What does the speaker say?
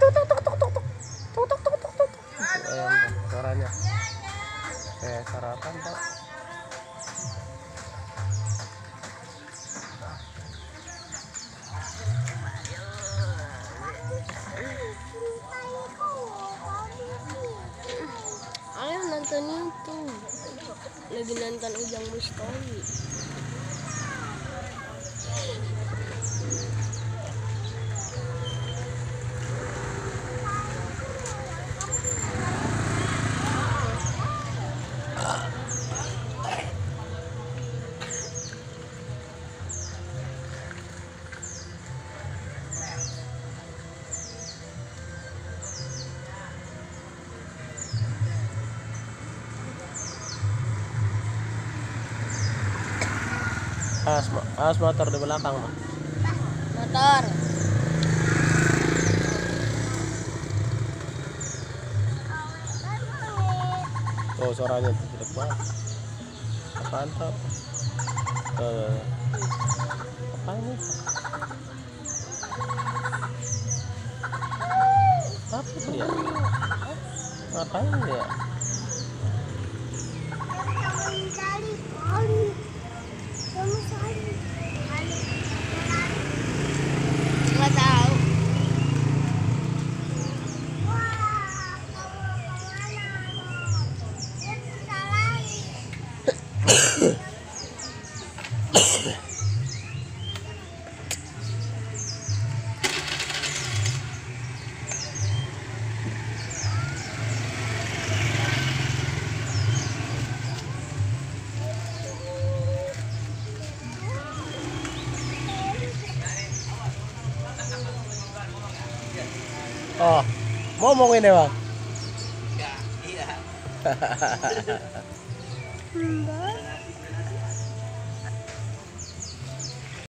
tuk tuk tuk tuk tuk tuk tuk tuk tuk tuk eh, nonton itu lagi nonton Ujang Bustami awas, awas motor di belakang mak motor Oh suaranya jelek banget apaan tuh eh, apa ini apa itu ya ngapain dia 我们啥？Oh, ngomongin ini bang. Enggak, iya.